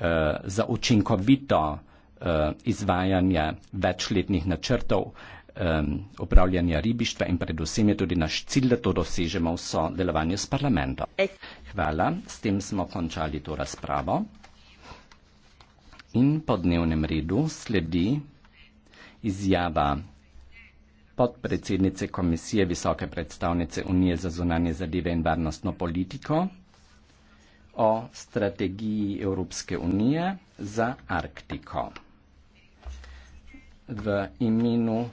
eh, za učinkovito eh, izvajanje večletnih načrtov eh, upravljanja ribištva in predvsem je tudi naš cilj, da to dosežemo v sodelovanju s parlamentom. Hvala, s tem smo končali to razpravo. In po dnevnem redu sledi izjava podpredsednice Komisije Visoke predstavnice Unije za zunanje zadeve in varnostno politiko o strategiji Evropske unije za Arktiko. V imenu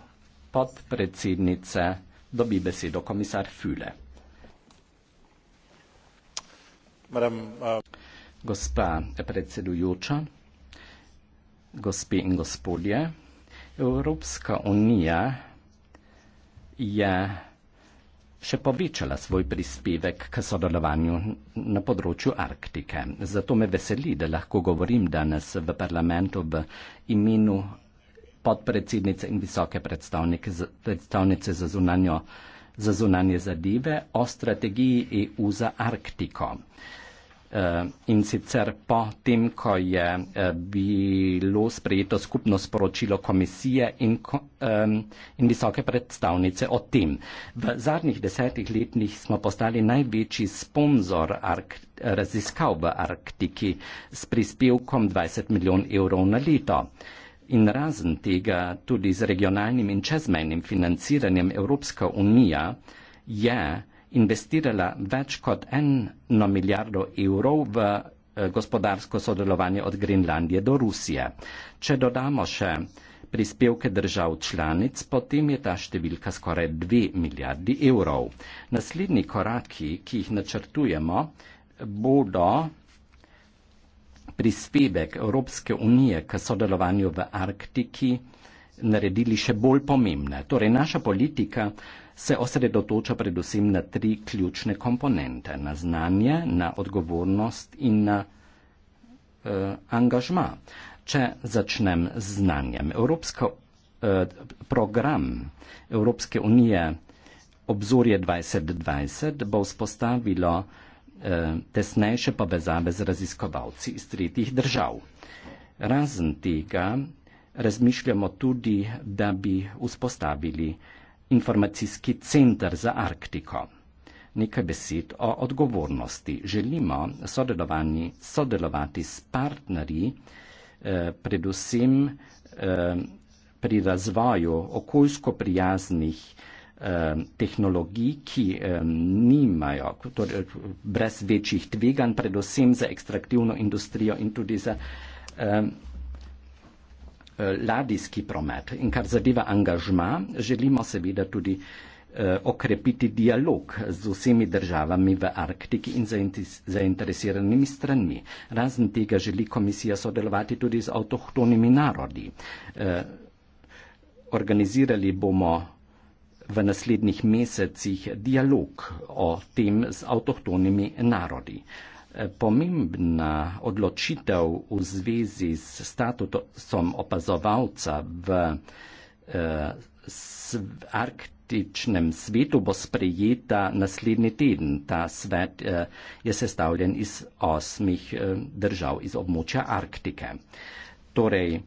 podpredsednice dobi besedo komisar Füle. Uh, Gospa predsedujoča, gospe in gospodje, Evropska unija je še povečala svoj prispevek k sodelovanju na področju Arktike. Zato me veseli, da lahko govorim danes v parlamentu v imenu podpredsednice in visoke predstavnice za, zunanjo, za zunanje zadeve o strategiji EU za Arktiko. Eh, in sicer po tem, ko je eh, bilo sprejeto skupno sporočilo komisije in, ehm, in visoke predstavnice o tem. V zadnjih desetih letih smo postali največji sponzor raziskav v Arktiki s prispevkom 20 milijon evrov na leto. In razen tega tudi z regionalnim in čezmejnim financiranjem Evropska unija je investirala več kot eno milijardo evrov v eh, gospodarsko sodelovanje od Grenlandije do Rusije. Če dodamo še prispevke držav članic, potem je ta številka skoraj 2 milijardi evrov. Naslednji koraki, ki jih načrtujemo, bodo prispevek Evropske unije k sodelovanju v Arktiki naredili še bolj pomembne. Torej, naša politika se osredotoča predvsem na tri ključne komponente, na znanje, na odgovornost in na eh, angažma. Če začnem z znanjem, Evropsko, eh, program Evropske unije Obzorje 2020 bo vzpostavilo eh, tesnejše povezave z raziskovalci iz tretjih držav. Razen tega razmišljamo tudi, da bi vzpostavili eh, informacijski centr za Arktiko. Nekaj besed o odgovornosti. Želimo sodelovati, sodelovati s partnerji, eh, predvsem eh, pri razvoju okoljsko prijaznih eh, tehnologij, ki eh, nimajo torej, brez večjih tveganj, predvsem za ekstraktivno industrijo in tudi za eh, Eh, ladijski promet. In kar zadeva angažma, želimo seveda tudi eh, okrepiti dialog z vsemi državami v Arktiki in zainteresiranimi stranmi. Razen tega želi komisija sodelovati tudi z avtohtonimi narodi. Eh, organizirali bomo v naslednjih mesecih dialog o tem z avtohtonimi narodi pomembna odločitev v zvezi s statusom opazovalca v eh, arktičnem svetu bo sprejeta naslednji teden. Ta svet eh, je sestavljen iz osmih eh, držav iz območja Arktike. Torej,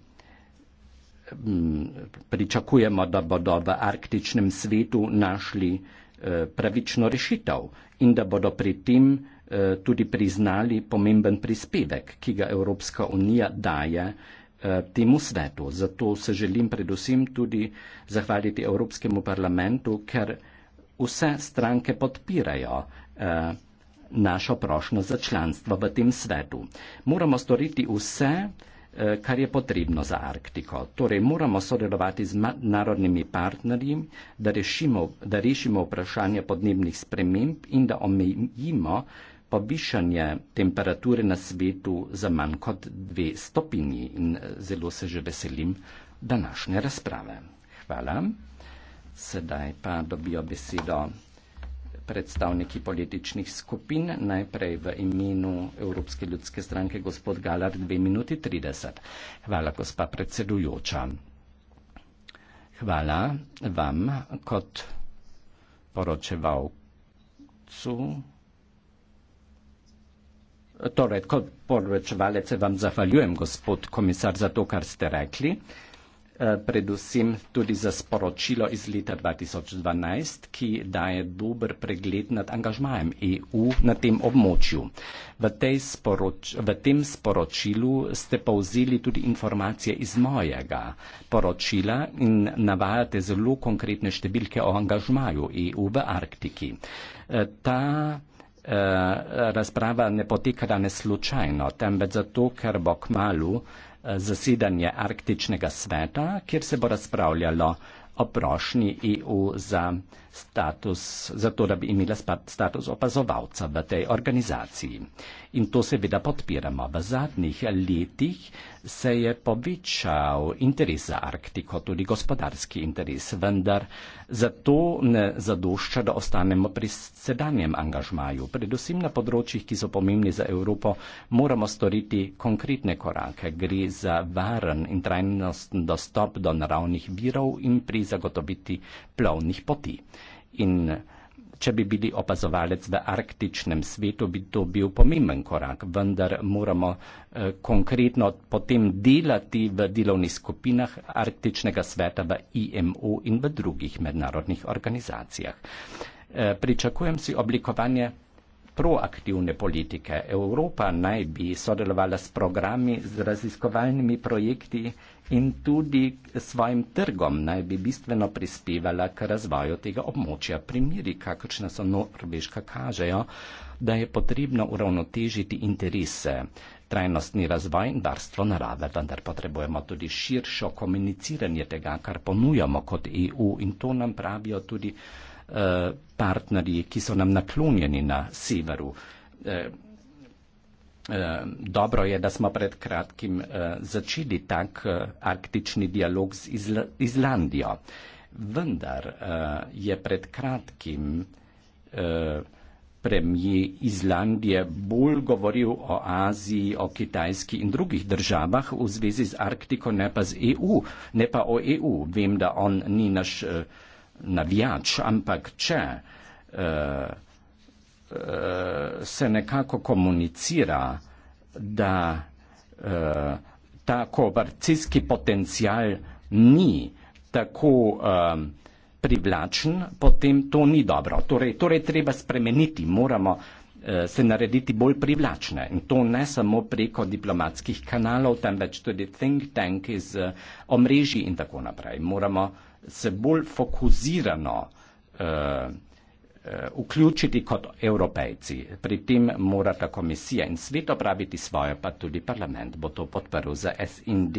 mm, pričakujemo, da bodo v arktičnem svetu našli eh, pravično rešitev in da bodo pri tem Eh, tudi priznali pomemben prispevek, ki ga Evropska unija daje eh, temu svetu. Zato se želim predvsem tudi zahvaliti Evropskemu parlamentu, ker vse stranke podpirajo eh, našo prošnjo za članstvo v tem svetu. Moramo storiti vse, kar je potrebno za Arktiko. Torej, moramo sodelovati z narodnimi partnerji, da rešimo, da rešimo vprašanje podnebnih sprememb in da omejimo povišanje temperature na svetu za manj kot dve stopinji in eh, zelo se že veselim današnje razprave. Hvala. Sedaj pa dobijo besedo predstavniki političnih skupin. Najprej v imenu Evropske ljudske stranke gospod Galar 2 minuti 30. Hvala, gospa predsedujoča. Hvala vam kot poročevalcu. Torej, kot poročevalec vam zahvaljujem, gospod komisar, za to, kar ste rekli, eh, predvsem tudi za sporočilo iz leta 2012, ki daje dober pregled nad angažmajem EU na tem območju. V, sporoč v tem sporočilu ste povzeli tudi informacije iz mojega poročila in navajate zelo konkretne številke o angažmaju EU v Arktiki. Eh, ta Eh, razprava ne poteka danes slučajno, temveč zato, ker bo k malu eh, zasedanje Arktičnega sveta, kjer se bo razpravljalo o prošnji EU za status, zato da bi imela status opazovalca v tej organizaciji. In to seveda podpiramo. V zadnjih letih se je povečal interes za Arktiko, tudi gospodarski interes, vendar zato ne zadošča, da ostanemo pri sedanjem angažmaju. Predvsem na področjih, ki so pomembni za Evropo, moramo storiti konkretne korake. Gre za varen in trajnostni dostop do naravnih virov in pri zagotoviti plovnih poti. In Če bi bili opazovalec v arktičnem svetu, bi to bil pomemben korak, vendar moramo eh, konkretno potem delati v delovnih skupinah arktičnega sveta v IMO in v drugih mednarodnih organizacijah. Eh, pričakujem si oblikovanje proaktivne politike. Evropa naj bi sodelovala s programi, z raziskovalnimi projekti in tudi s svojim trgom naj bi bistveno prispevala k razvoju tega območja. Primeri, kakršne so norveška, kažejo, da je potrebno uravnotežiti interese, trajnostni razvoj in varstvo narave, vendar potrebujemo tudi širšo komuniciranje tega, kar ponujamo kot EU in to nam pravijo tudi eh, partnerji, ki so nam naklonjeni na severu. Eh, Eh, dobro je, da smo pred kratkim eh, začeli tak eh, arktični dialog z Izlandijo. Vendar je pred kratkim premije Izlandije bolj govoril o Aziji, o Kitajski in drugih državah v zvezi z Arktiko, ne pa z EU, ne pa o EU. Vem, da on ni naš navijač, ampak če uh, se nekako komunicira, da eh, ta kooperacijski potencial ni tako eh, privlačen, potem to ni dobro. Torej, torej treba spremeniti, moramo eh, se narediti bolj privlačne. In to ne samo preko diplomatskih kanalov, temveč tudi think tank iz omrežji in tako naprej. Moramo se bolj fokuzirano vsega Eh, vključiti kot evropejci. Pri tem morata komisija in svet opraviti svoje, pa tudi parlament bo to podprl za SND.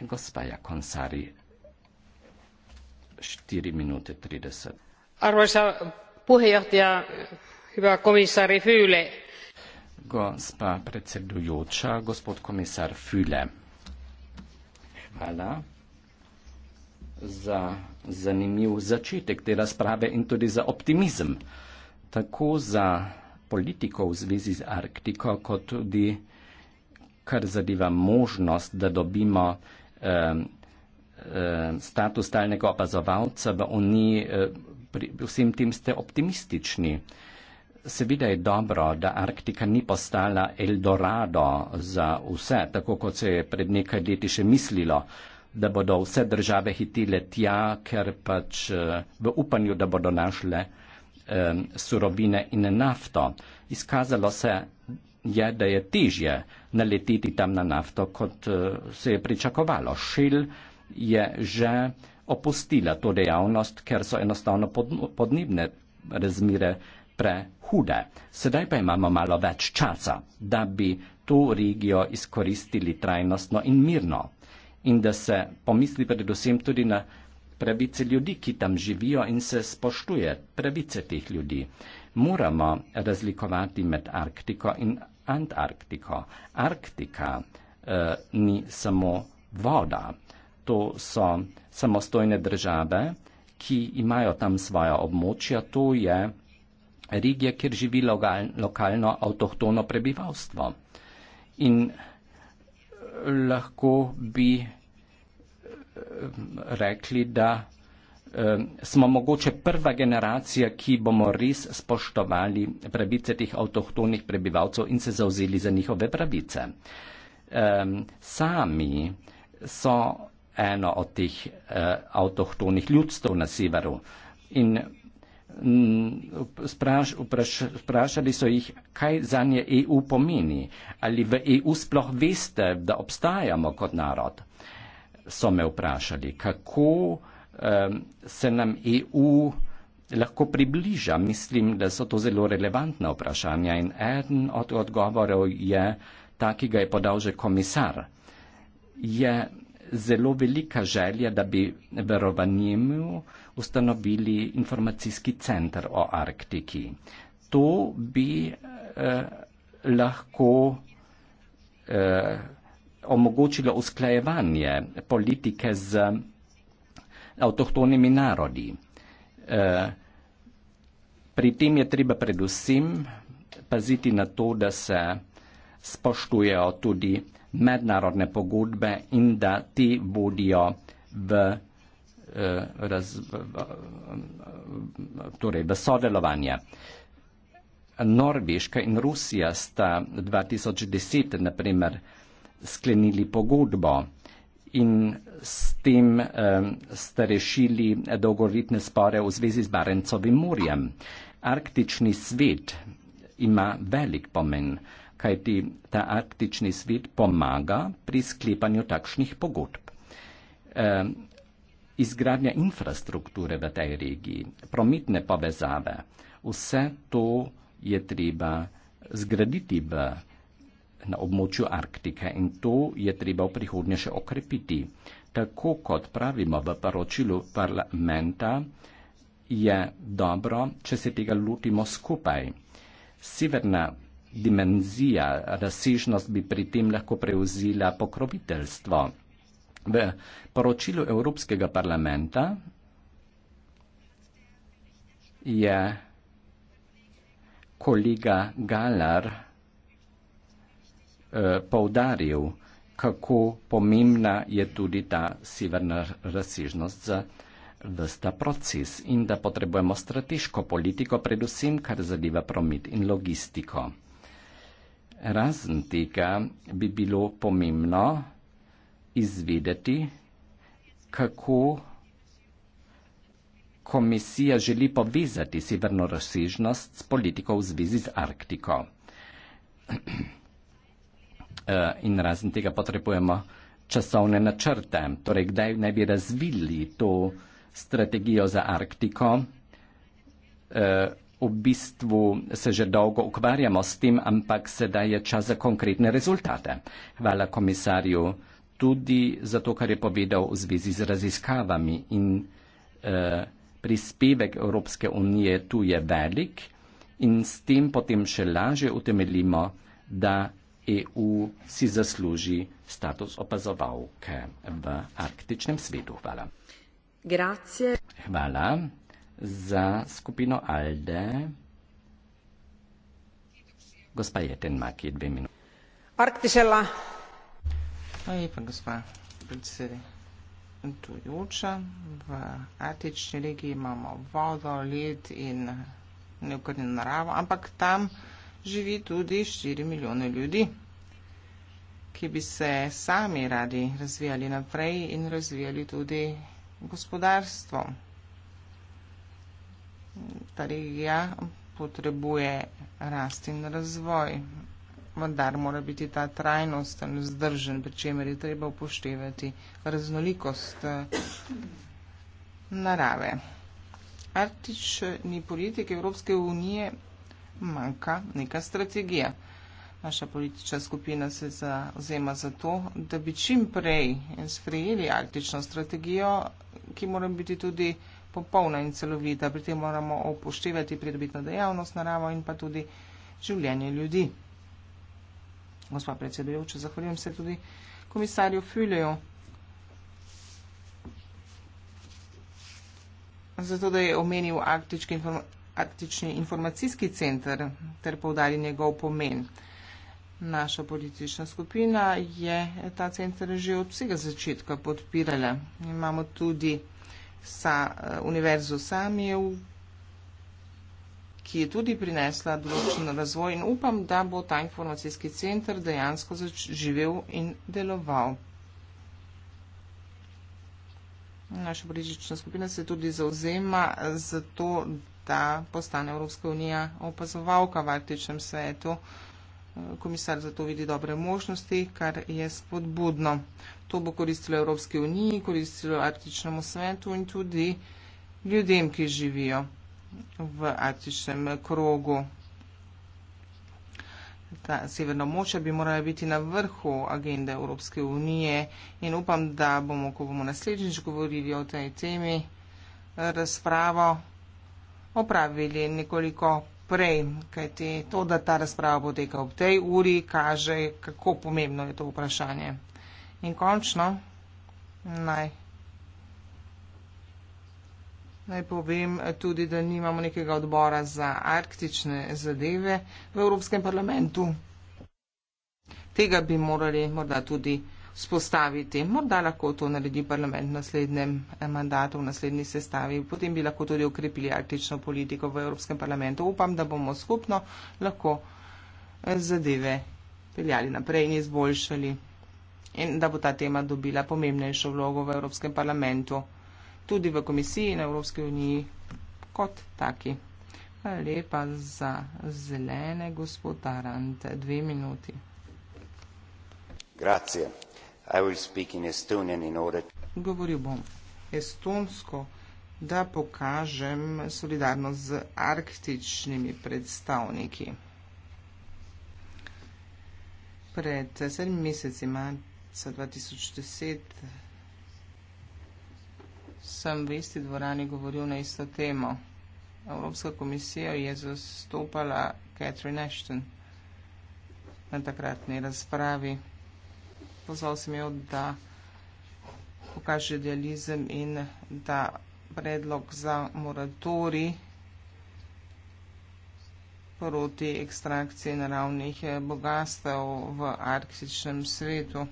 Gospaja Konsari, 4 minute 30. Arvoisa puhejohtaja, hyvä komisari Fyle. Gospa predsedujoča, gospod komisar Fyle. Hvala za zanimiv začetek te razprave in tudi za optimizem. Tako za politiko v zvezi z Arktiko, kot tudi kar zadeva možnost, da dobimo eh, eh, status stalnega opazovalca v Uniji, eh, vsem tem ste optimistični. Seveda je dobro, da Arktika ni postala Eldorado za vse, tako kot se je pred nekaj leti še mislilo, da bodo vse države hitile tja, ker pač eh, v upanju, da bodo našle eh, surovine in nafto. Izkazalo se je, da je težje naletiti tam na nafto, kot eh, se je pričakovalo. Šil je že opustila to dejavnost, ker so enostavno podnebne razmire prehude. Sedaj pa imamo malo več časa, da bi to regijo izkoristili trajnostno in mirno in da se pomisli predvsem tudi na pravice ljudi, ki tam živijo in se spoštuje pravice teh ljudi. Moramo razlikovati med Arktiko in Antarktiko. Arktika eh, ni samo voda, to so samostojne države, ki imajo tam svoja območja, to je regija, kjer živi lokalno avtohtono prebivalstvo. In lahko bi eh, rekli, da eh, smo mogoče prva generacija, ki bomo res spoštovali pravice teh avtohtonih prebivalcev in se zauzeli za njihove pravice. Sami so eno od teh eh, avtohtonih ljudstv na severu in Mm, spraš, vpraš, vprašali so jih, kaj za nje EU pomeni, ali v EU sploh veste, da obstajamo kot narod. So me vprašali, kako um, se nam EU lahko približa. Mislim, da so to zelo relevantna vprašanja in eden od odgovorov je ta, ki ga je podal že komisar. Je zelo velika želja, da bi v Rovanjemu ustanovili informacijski center o Arktiki. To bi eh, lahko eh, omogočilo usklajevanje politike z avtohtonimi narodi. Eh, pri tem je treba predvsem paziti na to, da se spoštujejo tudi mednarodne pogodbe in da ti bodijo v, eh, raz, v, torej v sodelovanje. Norveška in Rusija sta 2010 naprimer sklenili pogodbo in s tem eh, ste rešili dolgoritne spore v zvezi z Barencovim morjem. Arktični svet ima velik pomen. Eh, kajti ta arktični svet pomaga pri sklepanju takšnih pogodb. E, izgradnja infrastrukture v tej regiji, prometne povezave, vse to je treba zgraditi v, na območju Arktike in to je treba v prihodnje še okrepiti. Tako kot pravimo v poročilu parlamenta, je dobro, če se tega lotimo skupaj. Severna dimenzija, razsežnost bi pri tem lahko prevzela pokroviteljstvo. V poročilu Evropskega parlamenta je kolega Galar eh, poudaril, kako pomembna je tudi ta severna razsežnost za vsta proces in da potrebujemo strateško politiko, predvsem kar zadeva promet in logistiko. Razen tega bi bilo pomembno izvedeti, kako komisija želi povezati severno razsežnost s politiko v zvezi z Arktiko. Eh, in razen tega potrebujemo časovne načrte, torej kdaj naj bi razvili to strategijo za Arktiko, eh, v bistvu se že dolgo ukvarjamo s tem, ampak sedaj je čas za konkretne rezultate. Hvala komisarju tudi za to, kar je povedal v zvezi z raziskavami in eh, prispevek Evropske unije tu je velik in s tem potem še laže utemeljimo, da EU si zasluži status opazovalke v arktičnem svetu. Hvala. Grazie. Hvala za skupino Alde. Gospa Jeten Maki, dve minuti. Arktišela. Pa je pa gospa predsedujoča. V Artični regiji imamo vodo, led in neukrnjeno naravo, ampak tam živi tudi 4 milijone ljudi, ki bi se sami radi razvijali naprej in razvijali tudi gospodarstvo ta regija potrebuje rast in razvoj. Vendar mora biti ta trajnost vzdržen, pri čemer je treba upoštevati raznolikost narave. Artični politik Evropske unije manjka neka strategija. Naša politična skupina se zauzema za to, da bi čim prej sprejeli artično strategijo, ki mora biti tudi popolna in celovita, pri tem moramo upoštevati pridobitno dejavnost, naravo in pa tudi življenje ljudi. Gospa predsedujoča, zahvaljujem se tudi komisarju Füleju. Zato, da je omenil arktički, inform arktični informacijski center ter povdali njegov pomen. Naša politična skupina je ta center že od vsega začetka podpirala. Imamo tudi sa, eh, univerzo samijev, ki je tudi prinesla določen razvoj in upam, da bo ta informacijski center dejansko zaživel in deloval. Naša politična skupina se tudi zauzema za to, da postane Evropska unija opazovalka v Arktičnem svetu. Komisar zato vidi dobre možnosti, kar je spodbudno. To bo koristilo Evropski uniji, koristilo Arktičnemu svetu in tudi ljudem, ki živijo v Arktičnem krogu. Ta severna moča bi morala biti na vrhu agende Evropske unije in upam, da bomo, ko bomo naslednjič govorili o tej temi, razpravo opravili nekoliko prej, kajti to, da ta razprava poteka ob tej uri, kaže, kako pomembno je to vprašanje. In končno naj, naj povem tudi, da nimamo nekega odbora za arktične zadeve v Evropskem parlamentu. Tega bi morali morda tudi spostaviti. Morda lahko to naredi parlament v naslednjem eh, mandatu, v naslednji sestavi. Potem bi lahko tudi ukrepili arktično politiko v Evropskem parlamentu. Upam, da bomo skupno lahko eh, zadeve peljali naprej in izboljšali in da bo ta tema dobila pomembnejšo vlogo v Evropskem parlamentu, tudi v komisiji in Evropski uniji kot taki. Hvala lepa za zelene, gospod Arant. Dve minuti. Grazie. Govoril bom estonsko, da pokažem solidarnost z arktičnimi predstavniki. Pred sedmi meseci marca 2010 sem v isti dvorani govoril na isto temo. Evropska komisija je zastopala Catherine Ashton na takratni razpravi pozval sem jo, da pokaže dializem in da predlog za moratori proti ekstrakciji naravnih eh, bogastev v arktičnem svetu.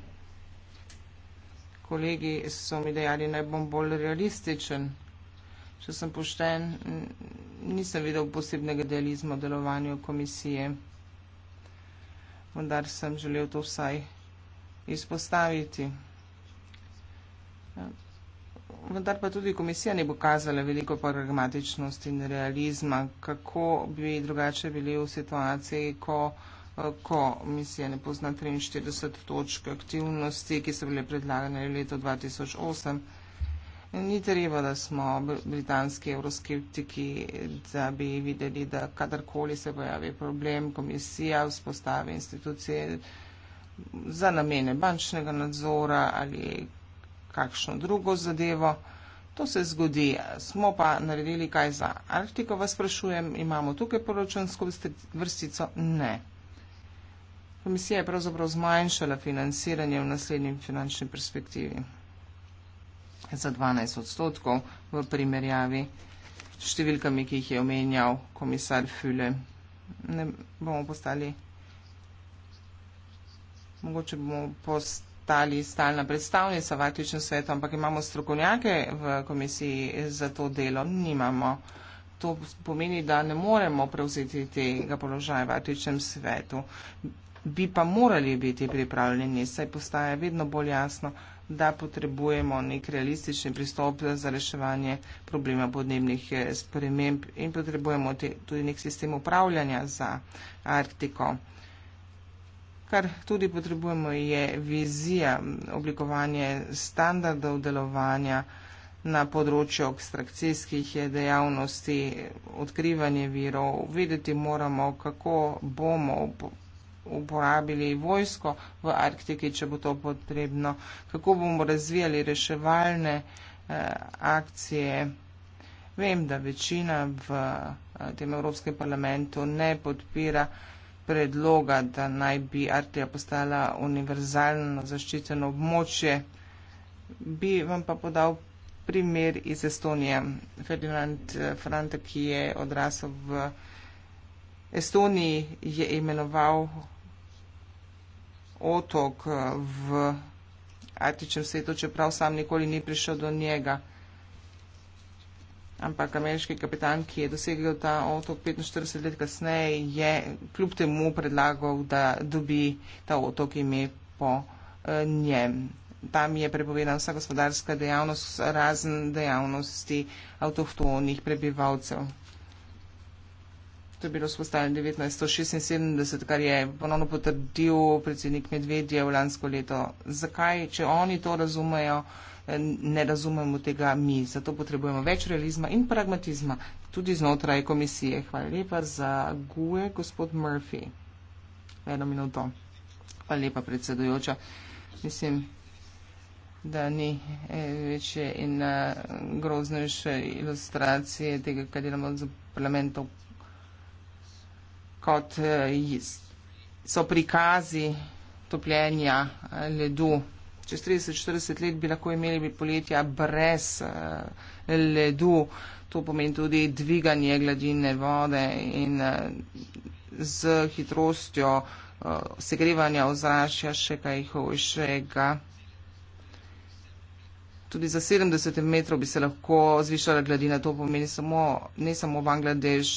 Kolegi so mi dejali, naj bom bolj realističen. Če sem pošten, nisem videl posebnega dializma v delovanju komisije. Vendar sem želel to vsaj izpostaviti. Vendar pa tudi komisija ne bo kazala veliko pragmatičnosti in realizma, kako bi drugače bili v situaciji, ko, ko komisija ne pozna 43 točk aktivnosti, ki so bile predlagane v letu 2008. Ni treba, da smo britanski euroskeptiki, da bi videli, da kadarkoli se pojavi problem, komisija vzpostavi institucije za namene bančnega nadzora ali kakšno drugo zadevo. To se zgodi, smo pa naredili kaj za Arktiko, vas sprašujem, imamo tukaj poročansko vrstico? Ne. Komisija je pravzaprav zmanjšala financiranje v naslednjem finančni perspektivi za 12 odstotkov v primerjavi s številkami, ki jih je omenjal komisar Füle. Ne bomo postali mogoče bomo postali stalna predstavnica v etičnem svetu, ampak imamo strokovnjake v komisiji za to delo, nimamo. To pomeni, da ne moremo prevzeti tega položaja v etičnem svetu. Bi pa morali biti pripravljeni, saj postaje vedno bolj jasno, da potrebujemo nek realistični pristop za reševanje problema podnebnih eh, sprememb in potrebujemo tudi nek sistem upravljanja za Arktiko. Kar tudi potrebujemo je vizija, oblikovanje standardov delovanja na področju ekstrakcijskih dejavnosti, odkrivanje virov. Videti moramo, kako bomo uporabili vojsko v Arktiki, če bo to potrebno, kako bomo razvijali reševalne eh, akcije. Vem, da večina v eh, tem Evropskem parlamentu ne podpira predloga, da naj bi Artija postala univerzalno zaščiteno območje, bi vam pa podal primer iz Estonije. Ferdinand eh, Franta, ki je odrasel v Estoniji, je imenoval otok eh, v Artičem svetu, čeprav sam nikoli ni prišel do njega ampak ameriški kapitan, ki je dosegel ta otok 45 let kasneje, je kljub temu predlagal, da dobi ta otok ime po eh, njem. Tam je prepovedana vsa gospodarska dejavnost, razen dejavnosti avtohtonih prebivalcev. To je bilo spostavljeno 1976, kar je ponovno potrdil predsednik Medvedje v lansko leto. Zakaj, če oni to razumejo, ne razumemo tega mi. Zato potrebujemo več realizma in pragmatizma tudi znotraj komisije. Hvala lepa za guje, gospod Murphy. Eno minuto. Hvala lepa, predsedujoča. Mislim, da ni eh, večje in eh, groznejše ilustracije tega, kar delamo z parlamentom, kot eh, so prikazi topljenja ledu čez 30-40 let bi lahko imeli bi poletja brez eh, ledu. To pomeni tudi dviganje gladine vode in eh, z hitrostjo eh, segrevanja ozračja še kaj hojšega. Tudi za 70 metrov bi se lahko zvišala gladina. To pomeni samo, ne samo Bangladeš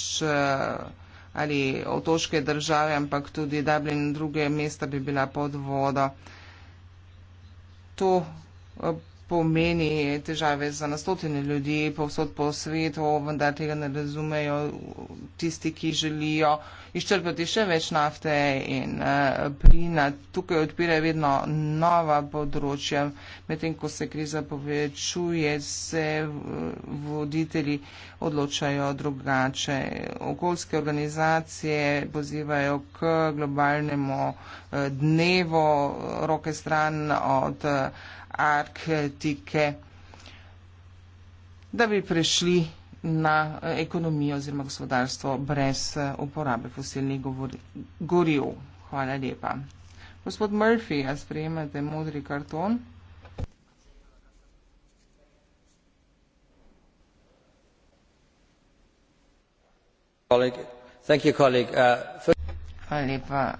ali otoške države, ampak tudi Dublin in druge mesta bi bila pod vodo to eh, pomeni težave za nastotene ljudi povsod po svetu, vendar tega ne razumejo tisti, ki želijo izčrpati še več nafte in eh, plina. Tukaj odpirajo vedno nova področja, medtem ko se kriza povečuje, se eh, voditelji odločajo drugače. Okoljske organizacije pozivajo k globalnemu eh, dnevu roke stran od Arktike, da bi prešli na ekonomijo oziroma gospodarstvo brez eh, uporabe fosilnih goriv. Hvala lepa. Gospod Murphy, a sprejemate modri karton? Uh, Hvala lepa.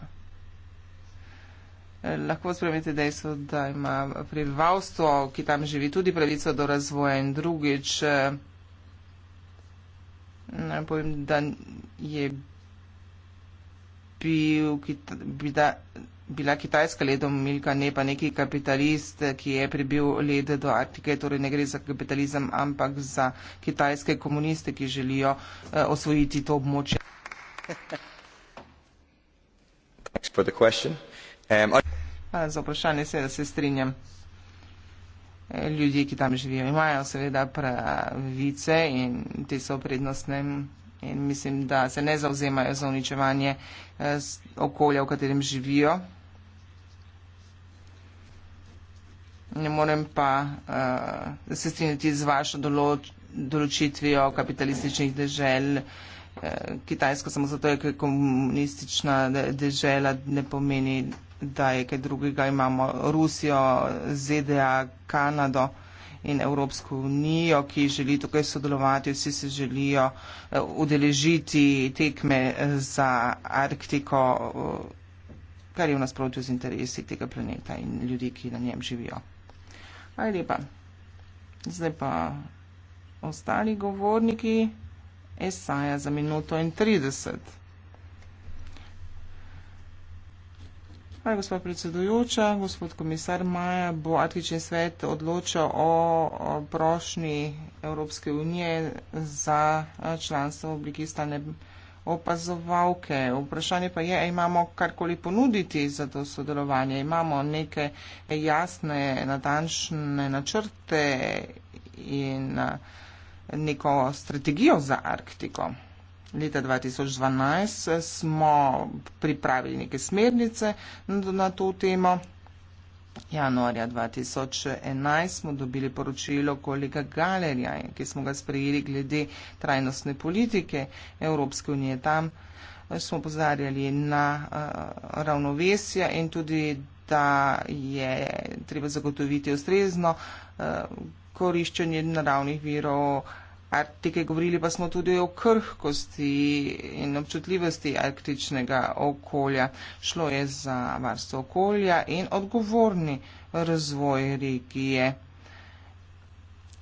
Lahko spremete dejstvo, da ima prebivalstvo, ki tam živi, tudi pravico do razvoja in drugič. Eh, ne povem, da je bil, da, bila kitajska ledomilka, ne pa neki kapitalist, ki je pribil led do Artike. Torej ne gre za kapitalizem, ampak za kitajske komuniste, ki želijo eh, osvojiti to območje. Hvala za vprašanje. Hvala za vprašanje, seveda se strinjam. Ljudje, ki tam živijo, imajo seveda pravice in te so prednostne in mislim, da se ne zauzemajo za uničevanje eh, okolja, v katerem živijo. Ne morem pa uh, se strinjati z vašo določ, določitvijo kapitalističnih dežel. Uh, Kitajsko samo zato je komunistična dežela, ne pomeni, da je kaj drugega. Imamo Rusijo, ZDA, Kanado in Evropsko unijo, ki želi tukaj sodelovati, vsi se želijo eh, udeležiti tekme za Arktiko, eh, kar je v nasprotju z interesi tega planeta in ljudi, ki na njem živijo. Hvala lepa. Zdaj pa ostali govorniki. Esaja za minuto in trideset. Hvala, gospod predsedujoča. Gospod komisar Maja bo atlični svet odločal o prošnji Evropske unije za članstvo v obliki stane opazovalke. Vprašanje pa je, imamo karkoli ponuditi za to sodelovanje, imamo neke jasne, natančne načrte in neko strategijo za Arktiko leta 2012 eh, smo pripravili neke smernice na to temo. Januarja 2011 smo dobili poročilo kolega Galerja, ki smo ga sprejeli glede trajnostne politike Evropske unije. Tam eh, smo pozarjali na uh, eh, ravnovesja in tudi, da je treba zagotoviti ustrezno uh, koriščenje naravnih virov uh, Arktike, govorili pa smo tudi o krhkosti in občutljivosti arktičnega okolja. Šlo je za varstvo okolja in odgovorni razvoj regije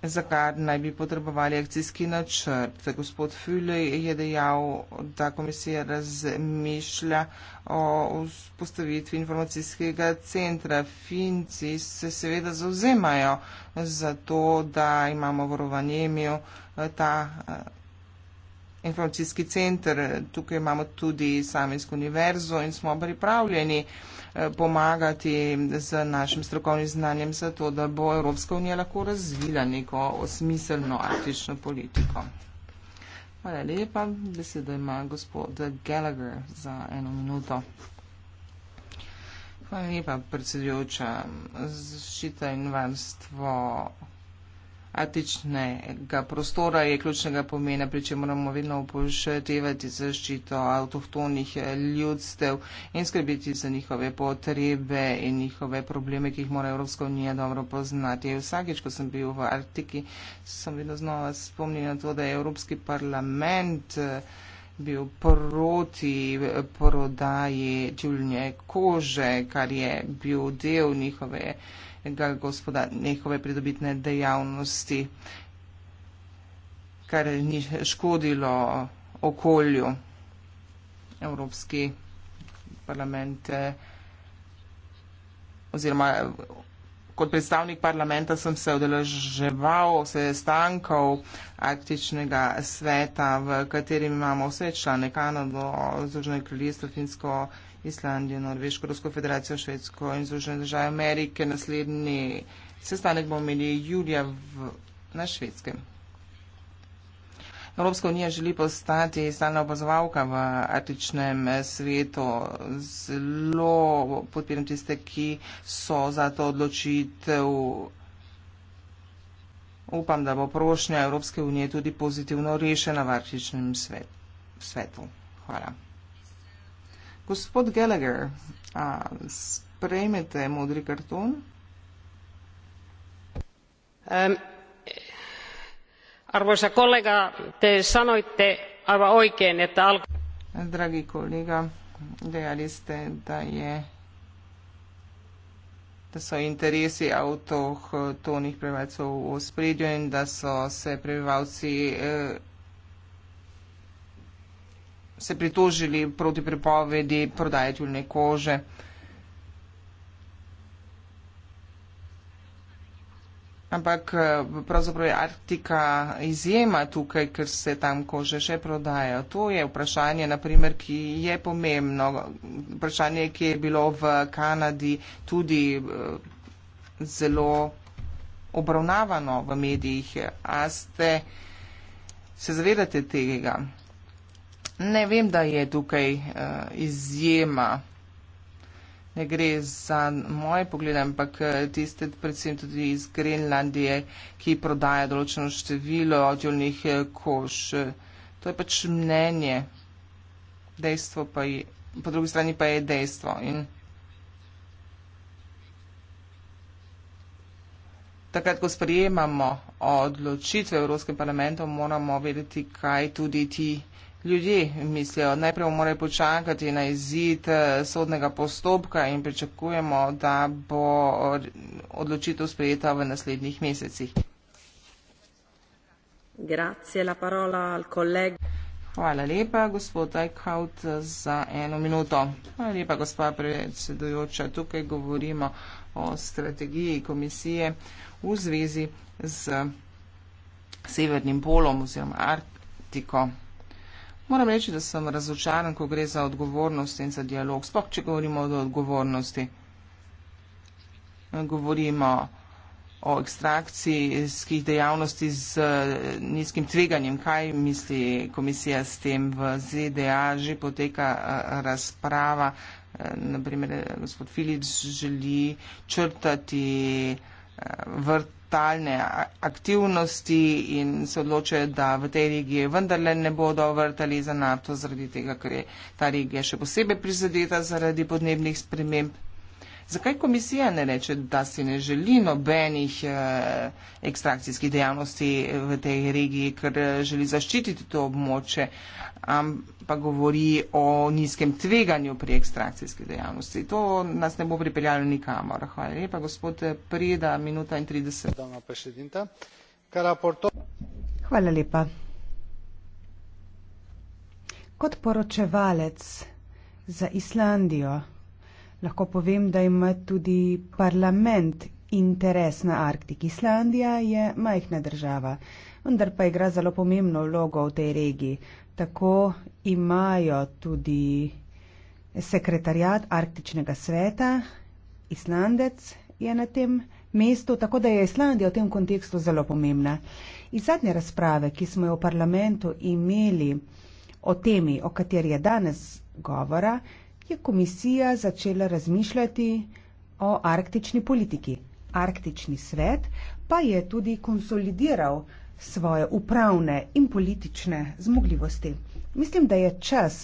za kar naj bi potrebovali akcijski načrt. Gospod Füle je dejal, da komisija razmišlja o vzpostavitvi informacijskega centra. Finci se seveda zauzemajo za to, da imamo v Rovanjemiju eh, ta eh, informacijski center, tukaj imamo tudi samensko univerzo in smo pripravljeni eh, pomagati z našim strokovnim znanjem za to, da bo Evropska unija lahko razvila neko osmiselno arktično politiko. Hvala lepa. Beseda ima gospod Gallagher za eno minuto. Hvala lepa, predsedujoča. Zaščita in varstvo atičnega prostora je ključnega pomena, pri čem moramo vedno upoštevati zaščito avtohtonih ljudstev in skrbiti za njihove potrebe in njihove probleme, ki jih mora Evropska unija dobro poznati. Vsakeč, ko sem bil v Artiki, sem vedno znova spomnil na to, da je Evropski parlament bil proti eh, prodaji čuljne kože, kar je bil del njihove, gospoda, njihove pridobitne dejavnosti, kar ni škodilo okolju. Evropski parlament eh, oziroma kot predstavnik parlamenta sem se odeleževal vse stankov arktičnega sveta, v katerim imamo vse člane Kanado, Združeno kraljestvo, Finsko, Islandijo, Norveško, Rusko federacijo, Švedsko in Združene države Amerike. Naslednji sestanek bomo imeli julija v, na švedskem. Evropska unija želi postati stalna opazovalka v etičnem eh, svetu. Zelo podpiram tiste, ki so za to odločitev. Upam, da bo prošnja Evropske unije tudi pozitivno rešena v etičnem svetu. Hvala. Gospod Gallagher, a, sprejmete modri karton? Um, arvoisa kollega te sanoitte aivan oikein että alko- Dragi kolega, dejali ste, da, je, da so interesi avtoh tonih prebivalcev v spredju in da so se prebivalci eh, se pritožili proti prepovedi prodaje tjulne kože. Eh, Ampak eh, pravzaprav je Arktika izjema tukaj, ker se tam kože še prodajo. To je vprašanje, naprimer, ki je pomembno. Vprašanje, ki je bilo v Kanadi tudi eh, zelo obravnavano v medijih. A ste se zavedate tega? Ne vem, da je tukaj eh, izjema ne gre za moje poglede, ampak eh, tiste predvsem tudi iz Grenlandije, ki prodaja določeno število odjolnih eh, koš. Eh, to je pač mnenje. Dejstvo pa je, po drugi strani pa je dejstvo. In Takrat, ko sprejemamo odločitve Evropskega parlamenta, moramo vedeti, kaj tudi ti Ljudje mislijo, najprej morajo počakati na izid eh, sodnega postopka in pričakujemo, da bo odločitev sprejeta v naslednjih mesecih. Hvala lepa, gospod Eichhout, za eno minuto. Hvala lepa, gospod predsedujoča. Tukaj govorimo o strategiji komisije v zvezi z severnim polom oziroma Arktiko. Moram reči, da sem razočaran, ko gre za odgovornost in za dialog. Spok, če govorimo o odgovornosti, govorimo o ekstrakcijskih dejavnosti z eh, nizkim tveganjem. Kaj misli komisija s tem v ZDA? Že poteka eh, razprava. Eh, Naprimer, gospod Filic želi črtati vrt vrtalne aktivnosti in se odločajo, da v tej regiji vendarle ne bodo vrtali za NATO, zaradi tega, ker je ta regija še posebej prizadeta zaradi podnebnih sprememb. Zakaj komisija ne reče, da si ne želi nobenih eh, ekstrakcijskih dejavnosti v tej regiji, ker eh, želi zaščititi to območje, ampak govori o nizkem tveganju pri ekstrakcijski dejavnosti? To nas ne bo pripeljalo nikamor. Hvala lepa, gospod Preda, minuta in 30. Hvala lepa. Kot poročevalec za Islandijo Lahko povem, da ima tudi parlament interes na Arktiki. Islandija je majhna država, vendar pa igra zelo pomembno vlogo v tej regiji. Tako imajo tudi sekretarjat Arktičnega sveta, Islandec je na tem mestu, tako da je Islandija v tem kontekstu zelo pomembna. Iz zadnje razprave, ki smo jo v parlamentu imeli o temi, o kateri je danes govora, je komisija začela razmišljati o arktični politiki. Arktični svet pa je tudi konsolidiral svoje upravne in politične zmogljivosti. Mislim, da je čas,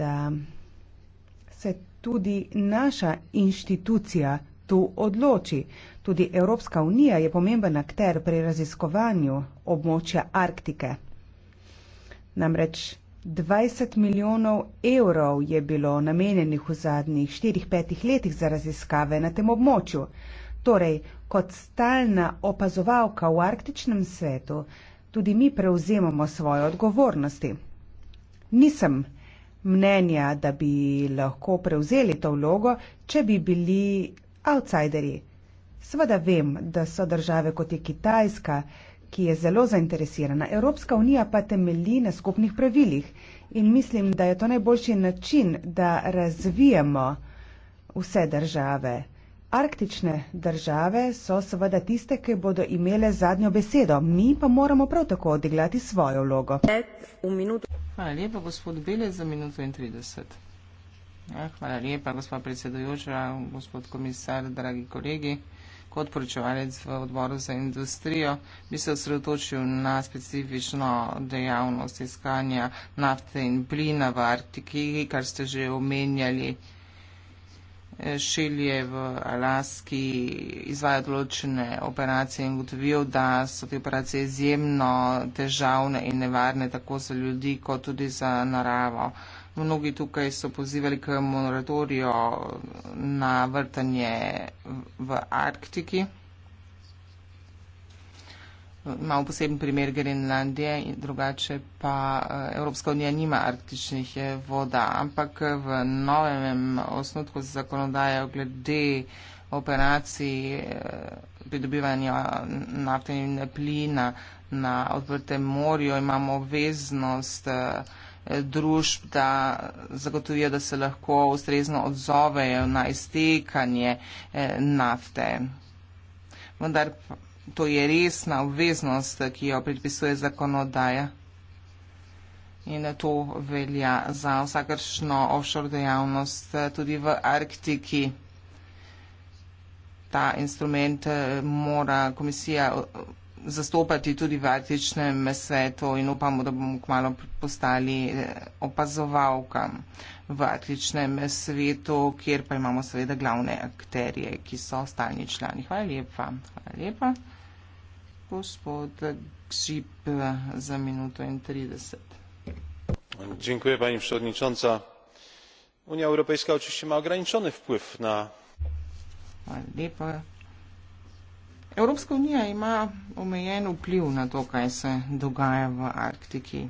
da se tudi naša inštitucija tu odloči. Tudi Evropska unija je pomemben akter pri raziskovanju območja Arktike. Namreč 20 milijonov evrov je bilo namenjenih v zadnjih 4-5 letih za raziskave na tem območju. Torej, kot stalna opazovalka v arktičnem svetu, tudi mi prevzemamo svoje odgovornosti. Nisem mnenja, da bi lahko prevzeli to vlogo, če bi bili outsideri. Sveda vem, da so države kot je Kitajska, ki je zelo zainteresirana. Evropska unija pa temelji na skupnih pravilih in mislim, da je to najboljši način, da razvijemo vse države. Arktične države so seveda tiste, ki bodo imele zadnjo besedo, mi pa moramo prav tako odigrati svojo vlogo. Hvala lepa, gospod Bele, za minuto in 30. Ja, hvala lepa, gospod predsedujoča, gospod komisar, dragi kolegi kot poročevalec v odboru za industrijo, bi se osredotočil na specifično dejavnost iskanja nafte in plina v Arktiki, kar ste že omenjali. Šelje e, v Alaski izvaja določene operacije in ugotovil, da so te operacije izjemno težavne in nevarne tako za ljudi, kot tudi za naravo. Mnogi tukaj so pozivali k moratorijo na vrtanje v Arktiki. Imamo poseben primer Grenlandije in drugače pa eh, Evropska unija nima arktičnih eh, voda, ampak eh, v novem osnutku zakonodaje glede operacij pridobivanja nafte in plina na odprtem morju imamo obveznost družb, da zagotovijo, da se lahko ustrezno odzovejo na iztekanje eh, nafte. Vendar to je resna obveznost, ki jo predpisuje zakonodaja. In to velja za vsakršno offshore dejavnost eh, tudi v Arktiki. Ta instrument eh, mora komisija zastopati tudi v etičnem svetu in upamo, da bomo kmalo postali eh, opazovalka v etičnem svetu, kjer pa imamo seveda glavne akterje, ki so stalni člani. Hvala lepa. Hvala lepa. Gospod Gžip eh, za minuto in 30. Dziękuję pani przewodnicząca. Unia Europejska oczywiście ma ograniczony wpływ na... Hvala lepa, Evropska unija ima omejen vpliv na to, kaj se dogaja v Arktiki.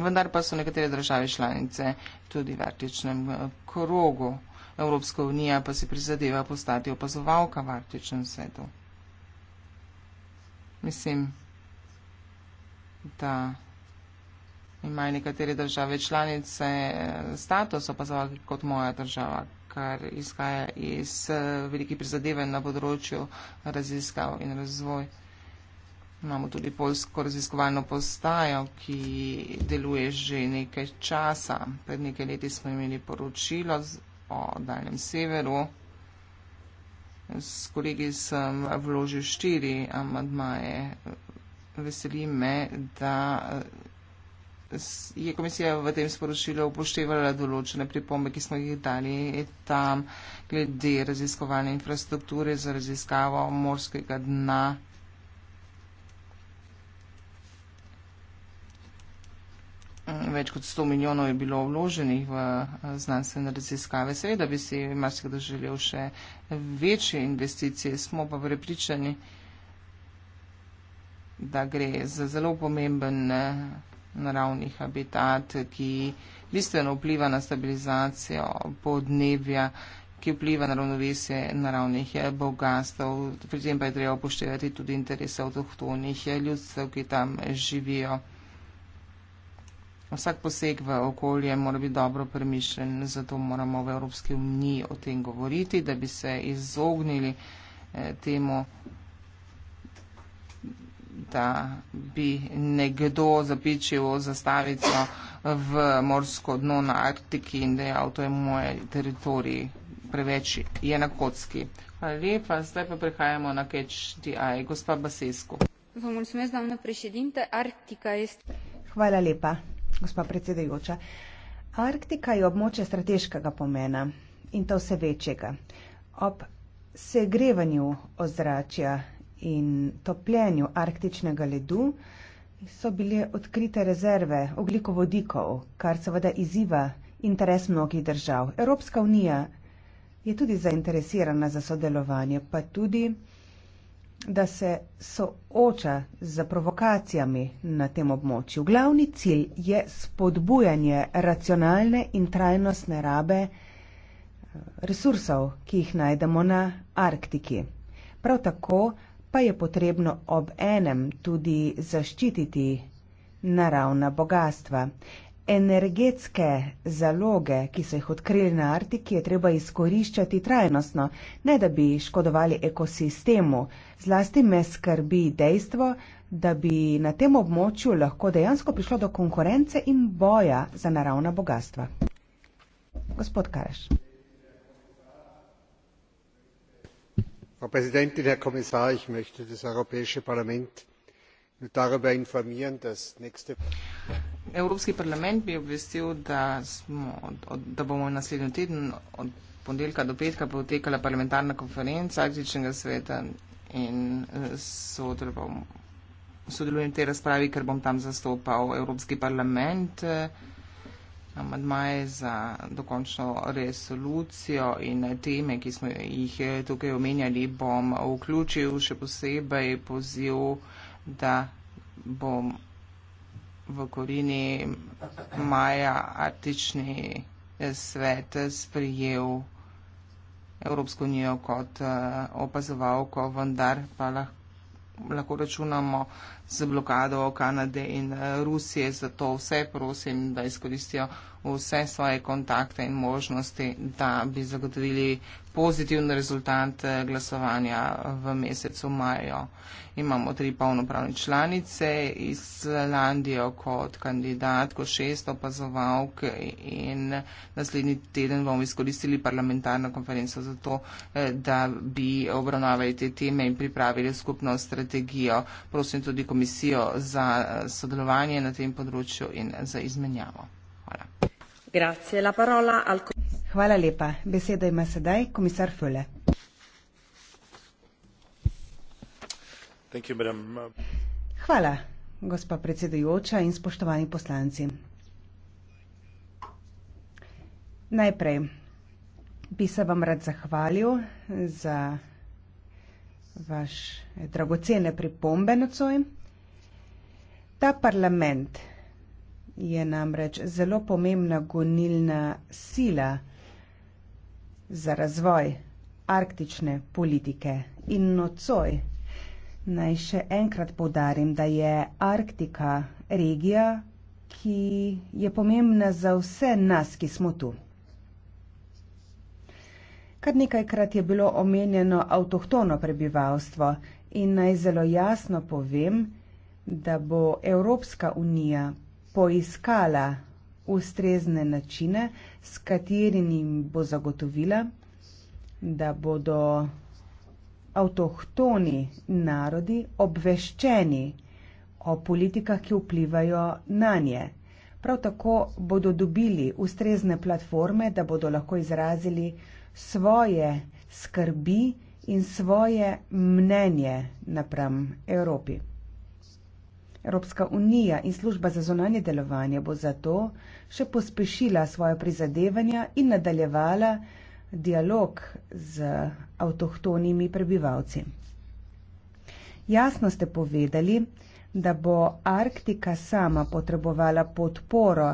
Vendar pa so nekatere države članice tudi v arktičnem eh, krogu. Evropska unija pa si prizadeva postati opazovalka v arktičnem svetu. Mislim, da imajo nekatere države članice eh, status opazovalke kot moja država, kar izhaja iz eh, velike prizadeve na področju raziskav in razvoj. Imamo tudi polsko raziskovalno postajo, ki deluje že nekaj časa. Pred nekaj leti smo imeli poročilo o daljem severu. S kolegi sem vložil štiri amadmaje. Veseli me, da je komisija v tem sporočilu upoštevala določene pripombe, ki smo jih dali tam glede raziskovalne infrastrukture za raziskavo morskega dna. Več kot 100 milijonov je bilo vloženih v eh, znanstvene raziskave. Seveda bi si marsikdo želel še večje investicije, smo pa prepričani, da gre za zelo pomemben eh, naravni habitat, ki bistveno vpliva na stabilizacijo podnebja, ki vpliva na ravnovesje naravnih bogastov. Pri tem pa je treba upoštevati tudi interese avtohtonih ljudstev, ki tam živijo. Vsak poseg v okolje mora biti dobro premišljen, zato moramo v Evropski uniji o tem govoriti, da bi se izognili eh, temu da bi nekdo zapičil zastavico v morsko dno na Arktiki in dejal, to je moje teritorij, preveč je na kocki. Hvala lepa, zdaj pa prehajamo na KHDI. Gospa Basesko. Hvala lepa, gospa predsedajoča. Arktika je območje strateškega pomena in to vse večjega. Ob segrevanju ozračja in topljenju arktičnega ledu so bile odkrite rezerve oglikovodikov, kar seveda izziva interes mnogih držav. Evropska unija je tudi zainteresirana za sodelovanje, pa tudi, da se sooča z provokacijami na tem območju. Glavni cilj je spodbujanje racionalne in trajnostne rabe eh, resursov, ki jih najdemo na Arktiki. Prav tako pa je potrebno ob enem tudi zaščititi naravna bogatstva. Energetske zaloge, ki so jih odkrili na Arktiki, je treba izkoriščati trajnostno, ne da bi škodovali ekosistemu. Zlasti me skrbi dejstvo, da bi na tem območju lahko dejansko prišlo do konkurence in boja za naravna bogatstva. Gospod Karaš. frau präsidentin herr kommissar! ich möchte das europäische parlament darüber informieren dass nächste woche evropski parlament bi obvestil da smo da bomo naslednji teden od ponedeljka do petka potekala parlamentarna konferenca arktičnega sveta in eh, sodeloval sodelujem v tej razpravi ker bom tam zastopal evropski parlament eh, amadmaje za dokončno resolucijo in teme, ki smo jih tukaj omenjali, bom vključil še posebej poziv, da bom v korini maja artični svet sprijel Evropsko unijo kot opazovalko, vendar pa lahko lahko računamo z blokado Kanade in eh, Rusije. Zato vse prosim, da izkoristijo vse svoje kontakte in možnosti, da bi zagotovili pozitiven rezultat eh, glasovanja v mesecu majo. Imamo tri polnopravne članice, Islandijo kot kandidatko, šest opazovalk in naslednji teden bomo izkoristili parlamentarno konferenco za to, eh, da bi obravnavali te teme in pripravili skupno strategijo. Prosim tudi komisijo za eh, sodelovanje na tem področju in za izmenjavo. Hvala. Hvala lepa. Besedo ima sedaj komisar Füle. Hvala, gospa predsedujoča in spoštovani poslanci. Najprej bi se vam rad zahvalil za vaše dragocene pripombe nocoj. Ta parlament je namreč zelo pomembna gonilna sila za razvoj arktične politike. In nocoj naj še enkrat povdarim, da je Arktika regija, ki je pomembna za vse nas, ki smo tu. Kar nekajkrat je bilo omenjeno avtohtono prebivalstvo in naj zelo jasno povem, da bo Evropska unija poiskala ustrezne načine, s katerimi bo zagotovila, da bodo avtohtoni narodi obveščeni o politikah, ki vplivajo na nje. Prav tako bodo dobili ustrezne platforme, da bodo lahko izrazili svoje skrbi in svoje mnenje napram Evropi. Evropska unija in služba za zonanje delovanje bo zato še pospešila svoje prizadevanja in nadaljevala dialog z avtohtonimi prebivalci. Jasno ste povedali, da bo Arktika sama potrebovala podporo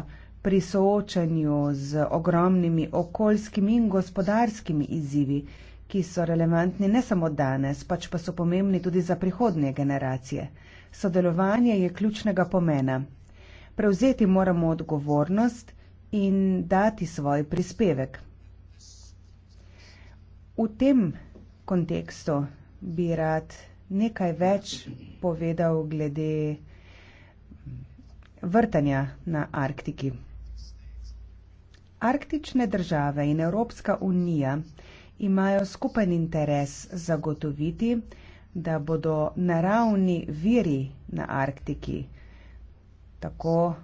pri soočanju z ogromnimi okoljskimi in gospodarskimi izzivi, ki so relevantni ne samo danes, pač pa so pomembni tudi za prihodnje generacije. Sodelovanje je ključnega pomena. Prevzeti moramo odgovornost in dati svoj prispevek. V tem kontekstu bi rad nekaj več povedal glede vrtanja na Arktiki. Arktične države in Evropska unija imajo skupen interes zagotoviti, da bodo naravni viri na Arktiki, tako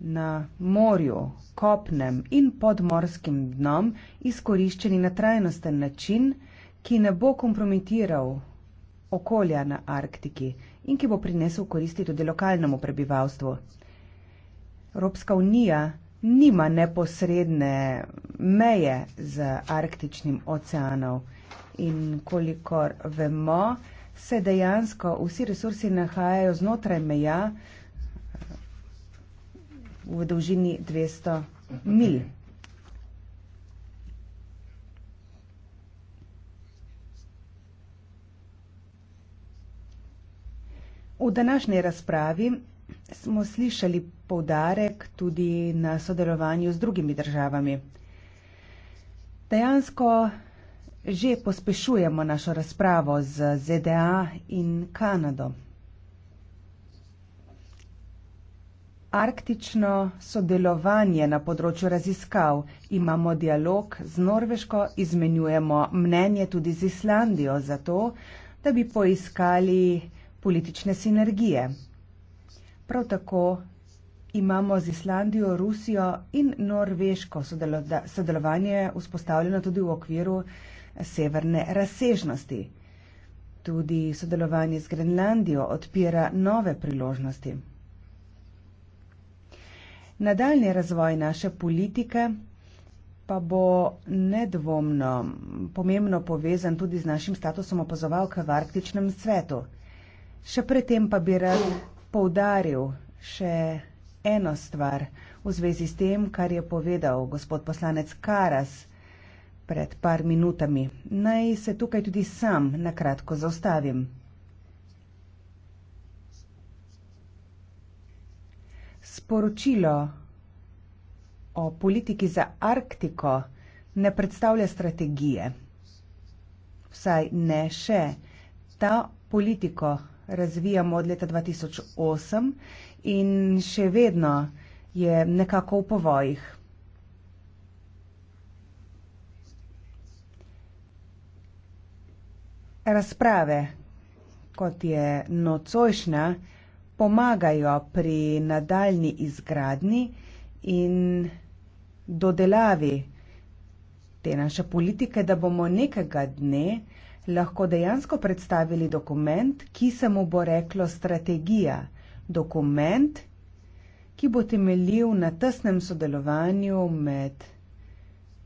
na morju, kopnem in podmorskim dnom, izkoriščeni na trajnosten način, ki ne bo kompromitiral okolja na Arktiki in ki bo prinesel koristi tudi lokalnemu prebivalstvu. Evropska unija nima neposredne meje z Arktičnim oceanom in kolikor vemo, se dejansko vsi resursi nahajajo znotraj meja v dolžini 200 mil. V današnji razpravi smo slišali povdarek tudi na sodelovanju z drugimi državami. Dejansko Že pospešujemo našo razpravo z ZDA in Kanado. Arktično sodelovanje na področju raziskav, imamo dialog z Norveško, izmenjujemo mnenje tudi z Islandijo za to, da bi poiskali politične sinergije. Prav tako imamo z Islandijo, Rusijo in Norveško sodelo sodelovanje vzpostavljeno tudi v okviru severne razsežnosti. Tudi sodelovanje z Grenlandijo odpira nove priložnosti. Nadaljni razvoj naše politike pa bo nedvomno pomembno povezan tudi z našim statusom opazovalke v Arktičnem svetu. Še predtem pa bi rad poudaril še eno stvar v zvezi s tem, kar je povedal gospod poslanec Karas pred par minutami. Naj se tukaj tudi sam na kratko zaustavim. Sporočilo o politiki za Arktiko ne predstavlja strategije. Vsaj ne še. Ta politiko razvijamo od leta 2008 in še vedno je nekako v povojih. razprave, kot je nocojšnja, pomagajo pri nadaljni izgradni in dodelavi te naše politike, da bomo nekega dne lahko dejansko predstavili dokument, ki se mu bo reklo strategija. Dokument, ki bo temeljil na tesnem sodelovanju med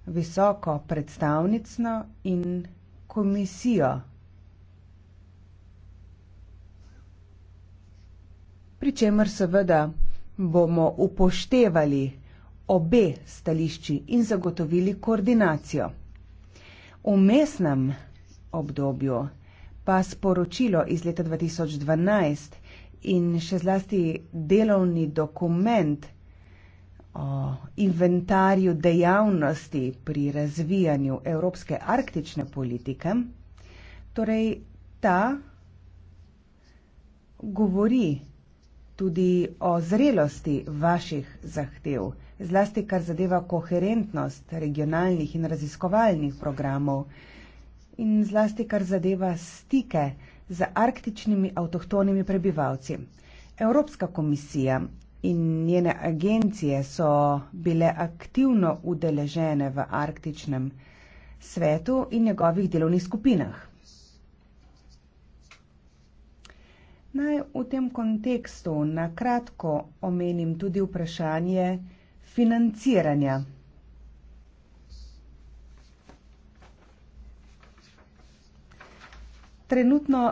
visoko predstavnicno in komisijo. pri čemer seveda bomo upoštevali obe stališči in zagotovili koordinacijo. V mestnem obdobju pa sporočilo iz leta 2012 in še zlasti delovni dokument o inventarju dejavnosti pri razvijanju evropske arktične politike, torej ta govori tudi o zrelosti vaših zahtev, zlasti kar zadeva koherentnost regionalnih in raziskovalnih programov in zlasti kar zadeva stike z arktičnimi avtohtonimi prebivalci. Evropska komisija in njene agencije so bile aktivno udeležene v arktičnem svetu in njegovih delovnih skupinah. Naj v tem kontekstu na kratko omenim tudi vprašanje financiranja. Trenutno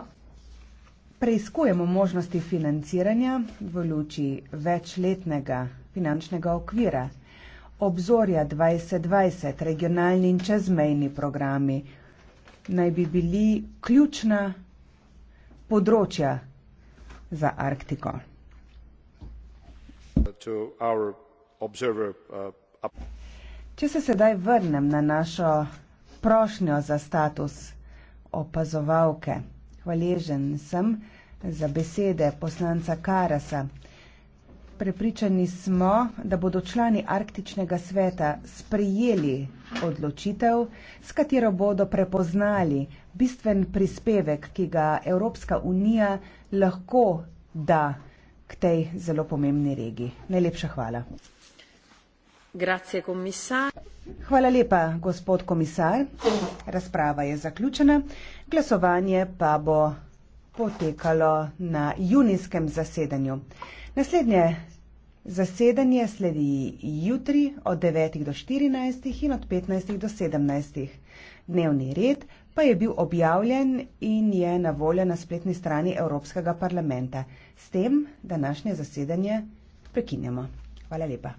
preiskujemo možnosti financiranja v luči večletnega finančnega okvira, obzorja 2020, regionalni in čezmejni programi naj bi bili ključna področja za arktiko. Uh, Če se sedaj vrnem na našo prošnjo za status opazovalke, hvaležen sem za besede poslanca Karasa. Prepričani smo, da bodo člani Arktičnega sveta sprejeli odločitev, s katero bodo prepoznali bistven prispevek, ki ga Evropska unija lahko da k tej zelo pomembni regiji. Najlepša hvala. Grazie, hvala lepa, gospod komisar. Razprava je zaključena. Glasovanje pa bo potekalo na junijskem zasedanju. Naslednje zasedanje sledi jutri od 9 do 14 in od 15 do 17. Dnevni red pa je bil objavljen in je na voljo na spletni strani Evropskega parlamenta. S tem današnje zasedanje prekinjamo. Hvala lepa.